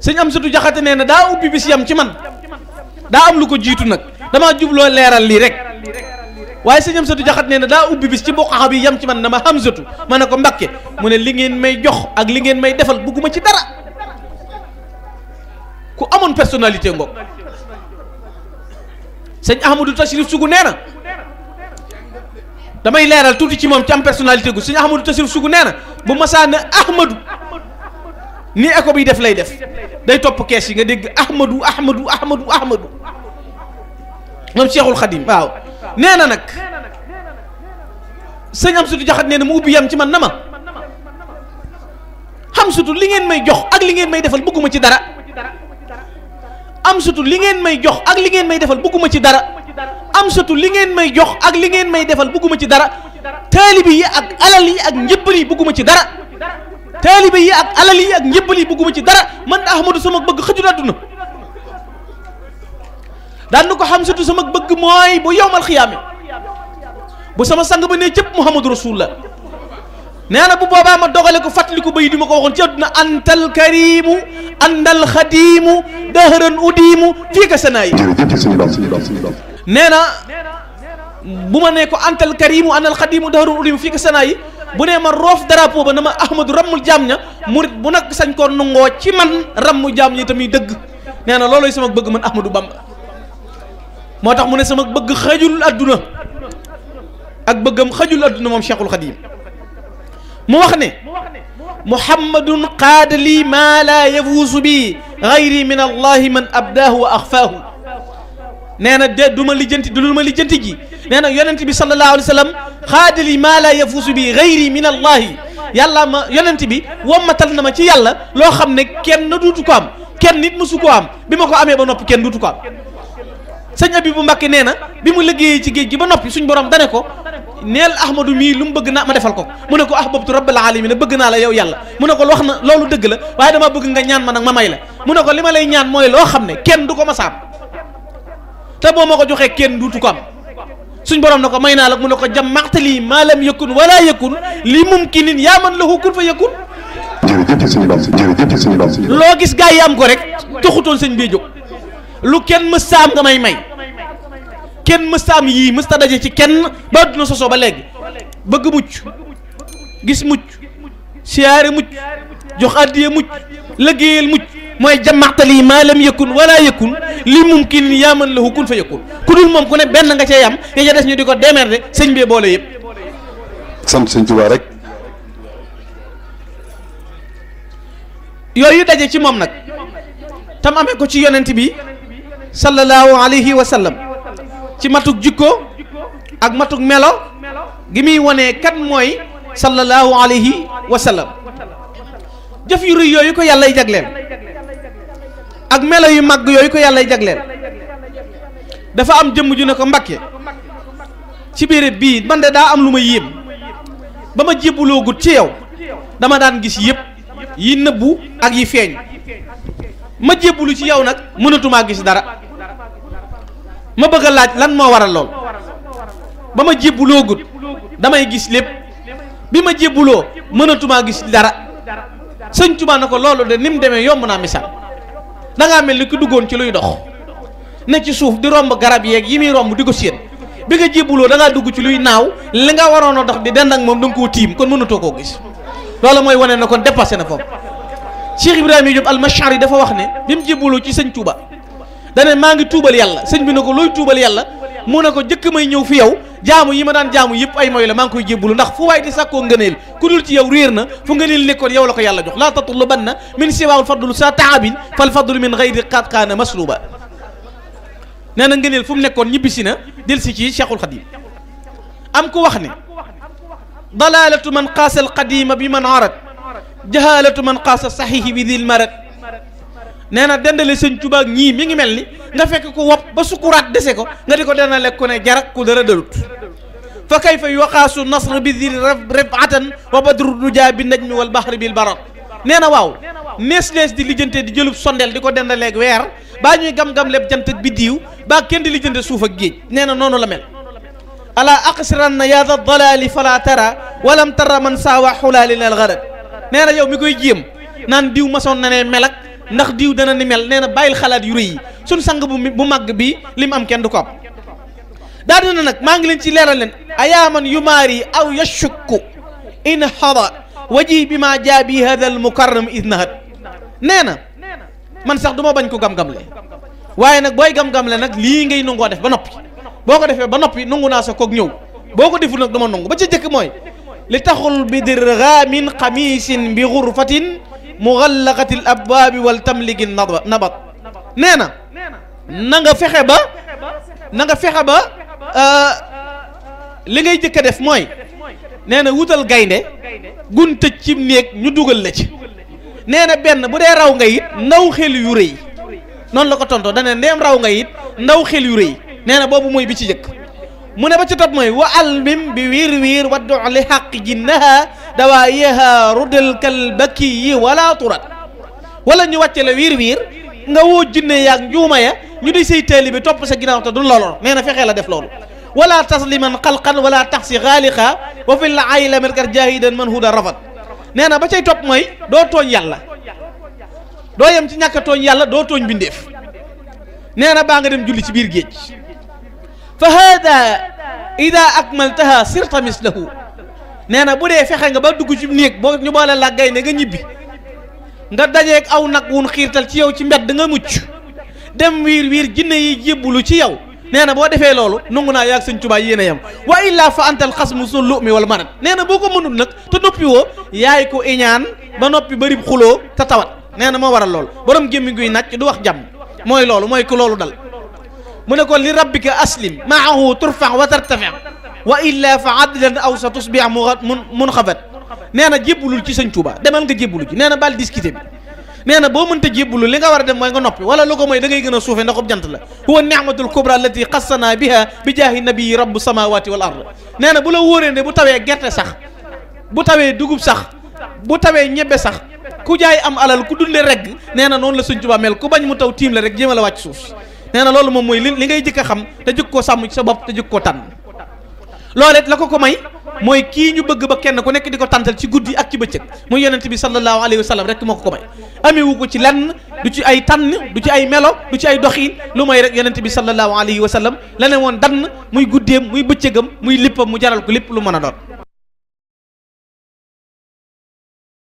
sëñ am satu jaxate nee na daa ubbi bis yam ci man daa am lu ko jiitu nag damaa jubloo leeral lii rek waaye sëñ am satu jaxate nee na daa ubbi bis ci boqaxa bi yam ci man dama am satu ma ne ko mbakke mu ne li ngeen may jox ak li ngeen may defal bugguma ci dara ku amoon personnalité ngoog sëñ ahmadou tashrif sugu nee na damay leeral tuuti ci moom ci am personnalité gu sëñ ahmadou tashrif sugu nee na bu masaa ne ahmadou ni ako bi def lay def day topp kees yi nga dégg ahmadu ahmadu ahmadu ahmadu moom Cheikhul Khadim waaw nee na nag sëñ am sutu jaxat nee na mu ubbi yam ci man na ma am sutu li ngeen may jox ak li ngeen may defal bëgguma ci dara am sutu li ngeen may jox ak li ngeen may defal bëgguma ci dara am sutu li ngeen may jox ak li ngeen may defal bëgguma ci dara taalibi yi ak alal yi ak njëbbal yi bëgguma ci dara taalibe yi ak alal yi ak njëbbal yi bëgguma ci dara man Ahmadou sama bëgg xëjul àdduna daan na ko xam surtout sama bëgg mooy bu yowmal xiyaame bu sama sang ba ne cëpp Muhammadu Rasulullah nee na bu boobaa ma dogale ko fàttali ko bay di ma ko waxoon ci àdduna antal karimu andal xadiimu dëhëran udiimu fii ka sanaay nee na bu ma nee ko antal karimu andal xadiimu dëhëran udiimu fii ka yi bu ne ma roof drapeau ba dama ahmadou ramul rammul jaam bu nak sañ ko nungo ci man rammu jaam tammi deug neena loloy sama bëgg man ahmadou bamba motax mu ne sama bëgg xajul aduna ak bëggam xajul aduna mom cheikhul khadim mu wax ne muhammadun qaada lii maa laa yafuusu bi ghairi min allah man abdahu wa akhfahu neena de duma lijeenti du ma lijjanti ji nee na yonent bi sallallahu alayhi wa sallam xaadali maa laa yafuusu bi xayri min allahi yàlla ma yonent bi wommatal na ma ci yàlla loo xam ne kenn duutu ko am kenn nit su ko am bi ma ko amee ba noppi kenn duutu ko am sëñ abi bu Mbàkke nee na bi mu liggéeyee ci géej gi ba noppi suñ borom dane ko neel ahmadu mii lu mu bëgg naa ma defal ko mu ne ko ahbabtu rabbil alamin bëgg naa la yow yàlla mu ne ko wax na loolu dëgg la waaye dama bëgg nga ñaan ma nag ma may la mu ne ko li ma lay ñaan mooy loo xam ne kenn du ko ma saam te boo ma ko joxee kenn duutu ko am suñ borom na ko may naa la mu ne ko jam maxtali maa lam yakun wala yakun li mumkinin yaa man lahu kun fa yakun loo gis gaa yi am ko rek taxutoon sëñ bi jóg lu kenn mës saam nga may may kenn mës saam yii mës daje ci kenn ba adduna soso ba léegi bëgg mucc gis mucc siyaare mucc jox addiye mucc liggéeyal mucc mooy jamaxtali maa lam yëkkun wala yëkkun li mumkin yaa man la kun fa yëkkun ku dul moom ku ne benn nga cee yam ya ca des ñu di ko démerde sëñ bee boole yëpp. sant sëñ Tuubaa rek. yooyu daje ci moom nag tam amee ko ci yonent bi sallallahu alayhi wa sallam ci matuk jikko ak matuk melo gi muy wonee kat mooy sallallahu alayhi wa jëf yu rëy yooyu ko yàlla jagleel. ak melo yu màgg yooyu ko yàlla jagleel dafa am jëmm ju ne ko mbakke ci biir bii man de daa am lu ma yéem ba ma jébbuloo gut ci yow dama daan gis yëpp yi nëbbu ak yi feeñ ma jébbulu ci yow nag mënatumaa gis dara ma bëgg a laaj lan moo waral lool ba ma jébbuloo gut damay gis lépp bi ma jébbuloo mënatumaa gis dara sëñ Tuubaa na ko loolu de ni mu demee yomb naa misaal dangaa mel ni ki duggoon ci luy dox ne ci suuf di romb garab yeeg yi muy romb di ko séen bi nga jébbuloo dangaa dugg ci luy naaw li nga waroon a dox di dend ak moom da nga koo tiim kon mënatoo koo gis loolu mooy wane na ko dépassé na foofu Cheikh Ibrahima Diop al-Mashari yi dafa wax ne bi mu jébbuloo ci sëñ Touba dane maa ngi tuubal yàlla sëñ bi ne ko looy tuubal yàlla mu ne ko jëkk may ñëw fi yow jaamu yi ma daan jaamu yep ay moy la mang koy jebul ndax fu way di sakko ngëneel ku dul ci yow rirna fu ngëneel nekkoon yow la ko yàlla jox la tatulubanna min siwaawul fadlu sa taabin fal fadlu min ghayri qad kana masluba nee na ngëneel fu nekkon ñibisina del ci ci Cheikhul khadim am ko wax ne dalalatu man qasa al alqadima bi man arad jahalatu man qasa sahih bi dhil marad nee dendele seigne touba ak ñi mi ngi melni nga fekk ko wop ba sukurat desse ko nga di ko dendale ku ne jarak ku dara dëlut فكيف يقاس النصر بذي رفعة وبدر الرجاء بالنجم والبحر بالبرق نينا واو نيس ليس دي لجنتي دي جلوب سوندل ديكو دندا ليك وير با نيو غام غام لب جنت بيديو با كين دي لجنتي سوف جيج نينا نونو لا ميل الا اقسرن يا ذا الضلال فلا ترى ولم ترى من ساوى حلال الغرق نينا يوم ميكوي جيم نان ديو ماسون ناني ملك ناخ ديو دانا ني ميل نينا بايل خالات يوري سون سانغ بو ماغ بي ليم ام كين دوكو دادنا نك ماغ لين سي ليرال أيا من يماري أو يشك إن حظى وجي بما جاء به هذا المكرم إذ نهد نينا man sax du ma bañ ko gam-gamle waaye nag booy gam-gamle nag lii ngay nangoo def ba noppi boo ko defee ba noppi nangu naa sa koog ñëw boo ko deful nag du ma nangu ba ca jëkk mooy li taxul bi dirgaamin xamiisin bi xurfatin muxallaqati l abwaabi wal tamligi nabat nee na na nga fexe ba na nga fexe ba li ngay jëkk a def mooy nee na wutal gaynde gun tëj ci néeg ñu dugal la ci nee na benn bu dee raw nga it ndaw xel yu rëy noonu la ko tontoo dana ndeem raw nga it ndaw xel yu rëy nee na boobu bi ci jëkk mu ne ba ci topp mooy wa almim bi wiir wiir wa li xaq jinnaha dawaa rudal kal baki yi wala turat wala ñu wàcce la wiir wiir nga woo jinne yaag njuuma ya ñu di say taali bi topp sa ginnaaw te du lolor nee na la def loolu ولا تسلما قلقا ولا تحسي غالقا وفي العائلة ملك جاهدا من هدى رفض نانا باتي توب موي دو تون يالا دو يام سي نياكا تون يالا دو تون بنديف نانا باغي ديم جولي سي بير جيج فهذا اذا اكملتها صرت مثله نانا بودي فخا nga ba dug ci neek bo ñu bolé la gay ne nga nga dajé ak aw nak woon xirtal ci yow ci mbedd nga mucc dem wir wir jinne yi jebulu ci yow nee na boo defee loolu nangu naa yaag sëñ Tuubaa yéen a yem wa illaa fa antal xas mu sul lu mi wala manat nee na boo ko mënul nag te noppi woo yaay ko iñaan ba noppi bari xuloo te tawat nee na moo waral loolu borom gémmi guy nàcc du wax jàmm mooy loolu mooy ku loolu dal mu ne ko li rabbika aslim maahu turfan wa tartafin wa illaa fa adlan aw sa tusbih mu mun xafat nee na jébbalul ci sëñ Tuubaa demal nga jébbalu ji nee na bal discuter bi nee na boo mënta jébbalu li nga war a def mooy nga noppi wala lu ko mooy da ngay gën a suufe ndax jant la huwa ni'matul kubra allati xassana biha bi jaahi nabii rabbu samawati wal ard nee na bu la wóoree ne bu tawee gerte sax bu tawee dugub sax bu tawee ñebbe sax ku jaay am alal ku dundee rek nee na noonu la Sëñ Tuubaa mel ku bañ mu taw tiim la rek jéem la wàcc suuf nee na loolu moom mooy li li ngay jëkk a xam te jëkk ko sàmm sa bopp te jëkk koo tànn loolee la ko ko may mooy kii ñu bëgg ba kenn ku nekk di ko tàntal ci guddi ak ci bëccëg mu yonent bi sallallahu alayhi wa sallam rek moo ko ko may amewu ko ci lenn du ci ay tànn du ci ay melo du ci ay doxiin lu may rek yonent bi sallallahu alayhi wa sallam la ne woon dann muy guddeem muy bëccëgam muy léppam mu jaral ko lépp lu mën a doon